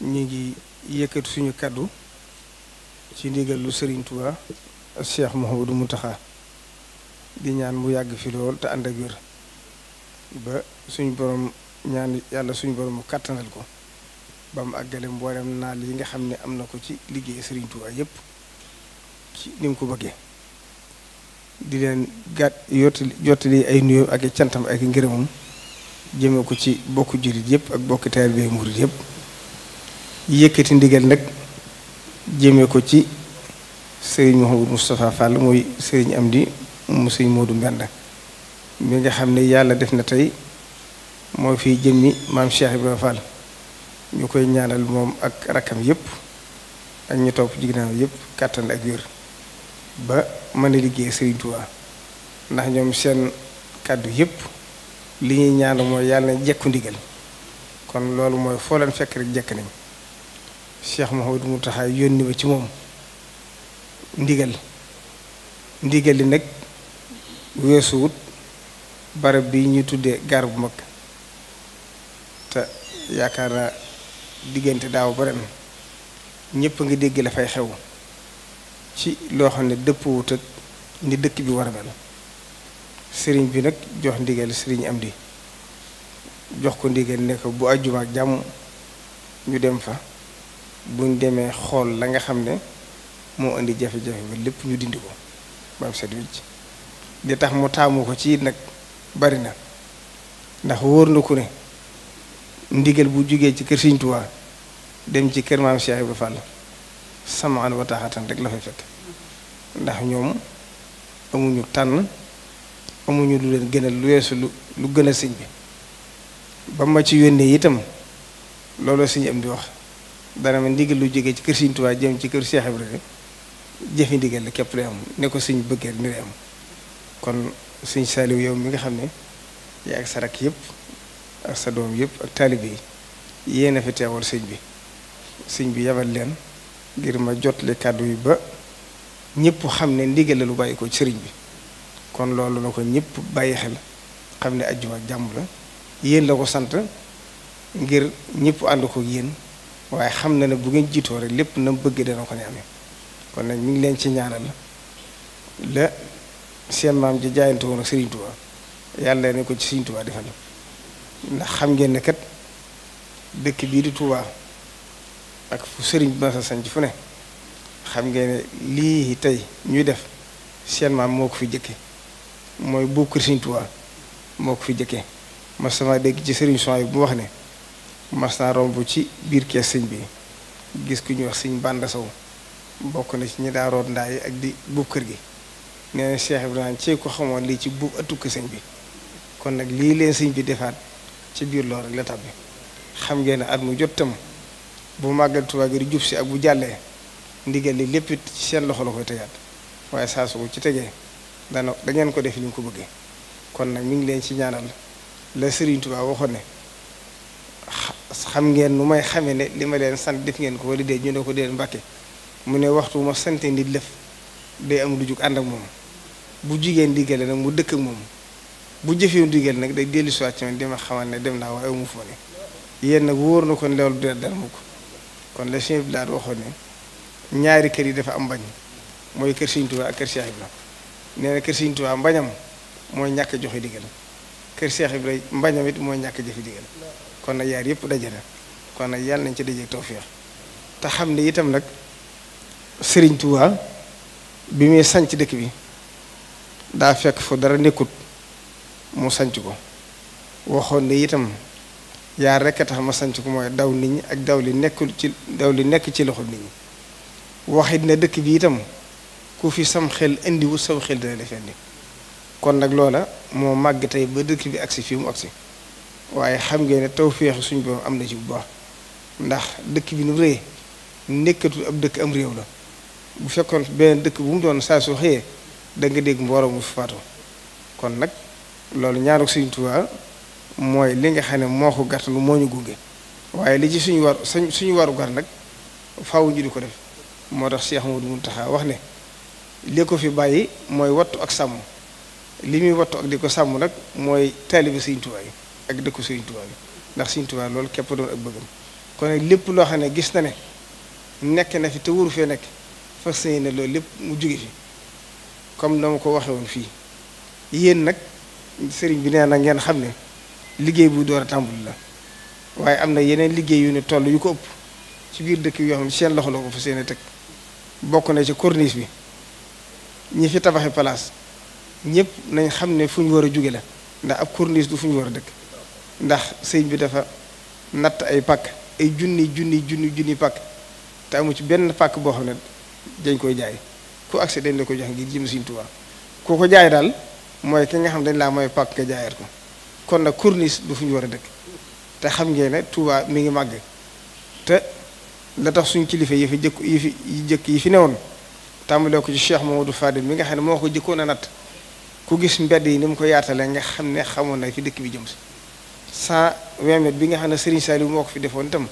ñu ngi yëkkat suñu kàddu ci ndigalu Serigne Touba du mu taxa di ñaan mu yàgg fi lool te ànd ak wér ba suñu borom ñaan yàlla suñu borom mu kàttanal ko ba mu àggale mboolem naa yi nga xam ne am na ko ci liggéey Serigne Touba yépp ci ni ko bëggee di leen gat yottali jottali ay nuyoo ak cantam ak i jéeme ko ci bokku jullit yépp ak bokki taalibe murit yépp yëkkati ndigal nag jëmee ko ci sëriñ Mouhamadou Moustapha Fall mooy sëriñ di mu sëriñ Modou Mbend mi nga xam ne yàlla def na tey moo fi jëmmi maam Cheikh Ibrahima Fall ñu koy ñaanal moom ak rakkam yépp ak ñu topp ci ginnaaw yépp kàttan ak wér ba mën a liggéey sëriñ Touba ndax ñoom seen kàddu yépp li ñuy ñaan mooy yàlla na jekku ndigal kon loolu mooy foo leen fekk rek jekk nañ Cheikh mu Mountakha yónni ma ci moom ndigal ndigal li nag weesuwut barab bi ñu tuddee gaar bu mag te yaakaar naa diggante daaw ba na ñëpp nga dégg la fay xew ci loo xam ne dëppwut ak ni dëkk bi war a mel sëriñ bi nag jox ndigal sëriñ am di jox ko ndigal ne bu àjjuma ak jàmm ñu dem fa buñ demee xool la nga xam ne moo indi jafe-jafe ba lépp ñu dindi ko ba am set wicc di tax mu taamu ko ci nag bari na ndax wóor na ku ne ndigal bu jógee ci kër Sëriñ Tuubaa dem ci kër maam Cheikh Ibra Fall samaan wa taxatan rek la fay fekk ndax ñoom amuñu tànn amuñu lu leen gënal lu weesu lu lu gënal sëñ bi ba ma ci yónnee itam loolu sëñ am di wax dara ma ndigal lu jógee ci kër Sëriñ Tuubaa jëm ci kër Cheikh Ibrahima jëfe la képp lay am ne ko suñ bëggee ni lay am kon suñ saaliw yow mi nga xam ne yaa ak sa rakk yëpp ak sa doom yëpp ak taalibe yi yéen fi teewal sëñ bi sëñ bi yabal leen ngir ma jotle kàddu yi ba ñëpp xam ne ndigal la lu bàyyi ko sëriñ bi kon loolu na ko ñëpp bàyyi xel xam ne ajjuma jàmm la yéen la ko sant ngir ñëpp ànd ko yéen waaye xam na ne bu ngeen jiitoo rek lépp na mu bëgg dana ko ne amee kon nag mi ngi leen ci ñaanal la seen maam ji jaayante woon ak Serigne Touba yàlla ne ko ci Serigne Touba defal ndax xam ngeen ne kat dëkk bii di Touba ak fu Serigne bi sa sañ fu ne xam ngeen ne lii tey ñuy def seen maam moo ko fi jëkke mooy bu kër Serigne Touba moo ko fi jëkke ma sama dégg ci Serigne Souhaïbou bu mu wax ne. mas naa romb ci biir kees sëñ bi gis ki ñuy wax sëñ Bànda Sow bokk na ci ñi daa root ndaa yi ak di buub kër gi nee na bi Ibrahima ci ko xamoon lii ci buub ëttu sëñ bi kon nag lii leen sëñ bi defaat ci biir loolu rek la tàbbi xam ngeen ne at mu jot tam bu màggal Tuubaa gi di jub si ak bu jàllee ndigal li lépp ci seen loxo la koy tegaat waaye saa su ci tegee dana dangeen ko def ni mu ko bëggee kon nag mi ngi leen ci ñaanal la Serigne Touba waxoon ne xam ngeen nu may xamee ne li ma leen sant def ngeen ko wala dee ñu ne ko dee mbàkke mu ne waxtu ma sante nit lëf day am lu jug ànd ak moom bu jigéen digale nag mu dëkk ak moom bu jëfee digale nag day dellu si waat ci man dima xamal ne dem naa waaye mu foo ne yéen nag wóor na kon loolu dee dara mu ko kon la chef daal waxoon ne ñaari kër yi dafa am mbañ mooy kër Sëriñ Tuubaa ak kër Cheikh Ibra nee na kër Sëriñ Tuubaa mbañam mooy ñàkk joxe digal kër Cheikh Ibra mbañam it ñàkk jëfe digal kon nag yaar yëpp daje na kon nag yàlla nañ ci dajeeg tawféex te xam ne itam nag Sëriñ bi muy sañc dëkk bi daa fekk fu dara nekkut mu sanc ko waxoon ne itam yaa rekk a tax ma sanc ko mooy daw nit ñi ak daw li nekkul ci daw li nekk ci loxo nit ñi waxit na dëkk bi itam ku fi sam xel indiwu sam xel dina defendi kon nag loola moo màgg tey ba dëkk bi agsi fii mu agsi waaye xam ngeen ne tawféexu suñ borom am na ci bu baax ndax dëkk bi nu rëy nekkatul ab dëkk am réew la bu fekkoon beneen dëkk bu mu doon saa soo xëyee da dégg mbooloo mu faatu kon nag loolu ñaaru Sëriñ Tuubaa mooy li nga xam ne moo ko gàttalu moo ñu gunge waaye li ci suñu war suñu waru gar nag faaw ñu di ko def moo tax Cheikh Modou Mountakha wax ne li ko fi bàyyi mooy wattu ak sàmm li muy wattu ak di ko sàmm nag mooy taalibe Sëriñ Tuubaa ak dëkku Serigne Touba bi ndax Serigne Touba loolu képp doon ak bëggam kon nag lépp loo xam ne gis na ne nekk na fi te wóoru fee nekk fas yéene loolu lépp mu jóge fi comme dama ko waxe woon fii yéen nag sëriñ bi nee na ngeen xam ne liggéey bu door a tàmbali la waaye am na yeneen liggéey yu ne toll yu ko ëpp ci biir dëkk yoo xam ne seen loxo la ko fa seen teg bokk na ci cornice bi ñi fi tabaxi place ñëpp nañ xam ne fu ñu war a jóge la ndax ab cornice du fu ñu war a dëkk ndax sëñ bi dafa natt ay pàkk ay junni junni junni junni pàkk te amu ci benn pàkk boo xam ne dañ koy jaay ku accès dañ la ko jox ngir jëm sëñ Tuubaa koo ko jaay daal mooy ki nga xam ne dañ laa mooy pàkk nga kon nag corniche du fu ñu war a dëkk te xam ngeen ne mi ngi màgg te la tax kilifa yi fi jëkk yi fi yi fi newoon tàmbalee ko ci Cheikh Mamadou Fadil mi nga xam ne moo ko jëkkoon a natt ku gis mbedd yi ni mu ko yaatalee nga xam ne xamoon na fi dëkk bi jëm si saa vingt bi nga xam ne Serigne Saliou moo ko fi defoon itam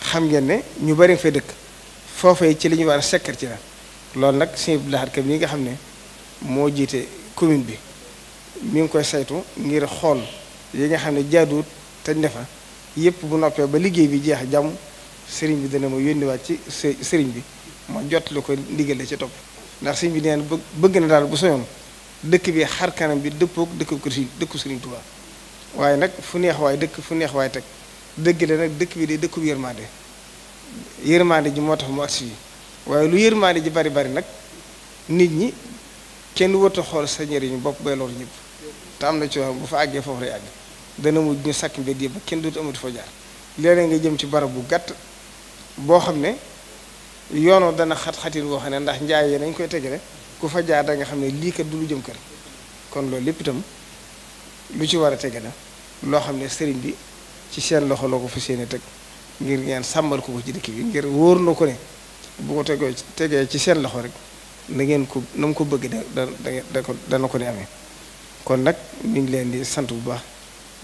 xam ngeen ne ñu bari nga fay dëkk foofee ci li ñu war a sekkar ci la loolu nag sëñ Abdou bi nga xam ne moo jiite commune bi mi ngi koy saytu ngir xool yi nga xam ne jaaduwut te ndefa yëpp bu noppee ba liggéey bi jeex jàmm sëriñ bi dana ma yónniwaat ci sëriñ bi ma jot lu ko ndigal la ci topp ndax sëriñ bi nee na bëgg na daal bu soñoon dëkk bi xar kanam bi dëppook dëkk ko si dëkku sëriñ Tuubaa waaye nag fu neex waay dëkk fu neex waay teg dëgg la nag dëkk bi de dëkku yërmande yërmande ji moo tax mu agsi yi waaye lu yërmande ji bari bari nag nit ñi kenn wërta xool sa njëriñu bopp bay loolu ñëpp te am na ci bu fa àggee foofu lay àgg dana mujj ñu sàkk mbedd yi kenn du amatu fa jaar léeg-léeg nga jëm ci barab bu gàtt boo xam ne yoonoo dana xat-xatin woo xam ne ndax njaay yee nañ koy tegale ku fa jaar nga xam ne lii kat du lu jëm kër kon loolu lépp itam lu ci war a tege na loo xam ne sëriñ bi ci seen loxo la ko fas yéene teg ngir ngeen sàmmal ko ko ci dëkk bi ngir wóor na ko ne bu ko tegoo tegee ci seen loxo rek na ngeen ko na ko bëgg da da ko dana ko ne amee kon nag ñu ngi leen di sant bu baax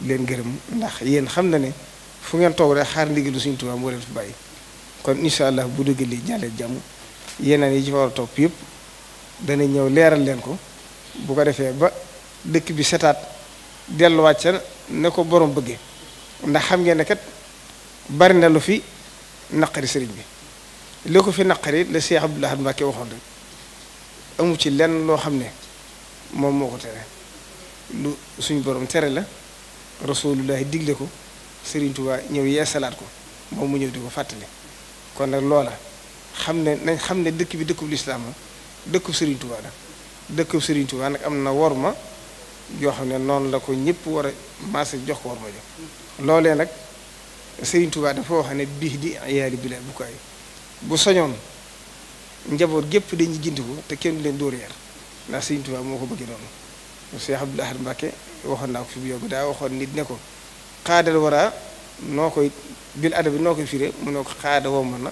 leen gërëm ndax yéen xam na ne fu ngeen toog rek xaar ndigalu Sëriñ Tuubaa moo leen fi bàyyi kon incha allah bu dugg li jàllee jàmm yeneen yi ci war a topp yëpp dana ñëw leeral leen ko bu ko defee ba dëkk bi setaat delluwaat ca ne ko borom bëgge ndax xam ngeen ne kat bari na lu fi naqari sëriñ bi li ko fi naqari la Cheikh Abdoul Ahad Mbacké waxoon rek amu ci lenn loo xam ne moom moo ko tere lu suñ boroom tere la rasulullahi digle ko Sëriñ Tuubaa ñëw yeesalaat ko moom mu ñëw di ko fàttali kon nag loola xam ne nañ xam ne dëkk bi dëkkub lislaam la dëkkub Sëriñ Tuubaa la nag am na waruma yoo xam ne noonu la ko ñëpp war a maase jox ko war ma jox loolee nag Sëriñ Tuubaa dafa wax ne biix di yaari bi la bu soñoon njaboot gépp dañuy gindiku te kenn du leen dóor yar ndax Sëriñ Tuubaa moo ko bëggee noonu Cheikh Abdoul Ahad Mbacké waxoon naa ko fi bu yogg daa waxoon nit ne ko xaadal waraa noo koy bil adabi noo koy firé mu ne ko xaada mën na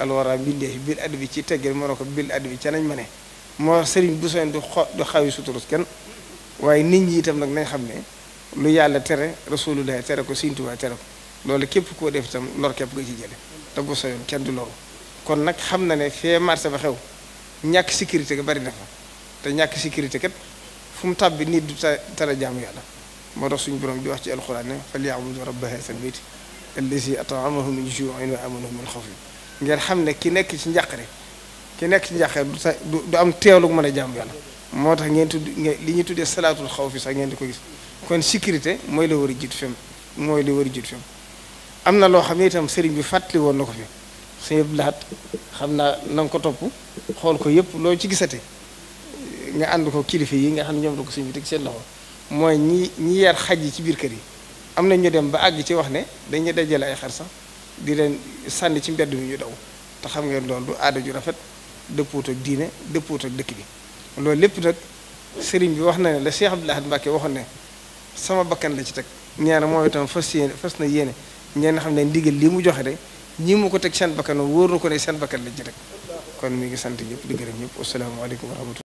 alwara mbindee bil adabi ci teggeel mu ne ko bil adabi ca nañ ma ne moo sëriñ bu soñoon du xo waaye nit ñi itam nag nañ xam ne lu yàlla tere rasulullah tere ko Sëriñ Tuubaa tere ko loolu képp koo def itam lor képp nga ci jële te bu soyoon kenn du loru kon nag xam na ne fee marché ba xew ñàkk sécurité ga bari na te ñàkk sécurité kat fu mu tàbbi nit du ta tere jaamu yàlla moo tax suñu borom di wax ci alxuraan ne falyabudu rabba haazal bayti allazi at'amahum min juu'in wa aamanahum min xawfin ngeen xam ne ki nekk ci njàqare ki nekk ci njàqare du du am teewlu mën a jaamu yàlla moo tax ngeen tudd li ñu tuddee salaatul xaw fi sax ngeen di ko gis kon sécurité mooy la war a jiitu fem mooy la war a jiitu fem am na loo xam ne itam sëriñ bi fàttali woon na ko fi sëñ Abdou Lahad xam naa na nga ko topp xool ko yëpp loo ci gisate nga ànd ko kilifa yi nga xam ne ñoom ko sëñ bi teg seen loxo mooy ñi ñi yar xaj yi ci biir kër yi am na ñu dem ba àgg ci wax ne dañuy dajale ay xar sax di leen sànni ci mbedd mi ñu daw te xam ngeen loolu du aada ju rafet dëppoot ak diine dëppoot ak dëkk bi loolu lépp nag sëriñ bi wax na ne la Cheikh Abdoul Ahad Mbacké waxoon ne sama bakkan la ci teg ñaar mooy itam fas yéene fas na yéene ñeen xam ne ndigal li mu joxe de ñii mu ko teg seen bakkan wóor na ko ne seen bakkan la ci teg kon mu ngi sant ñëpp di gërëm ñëpp asalaamaaleykum wa rahmatulah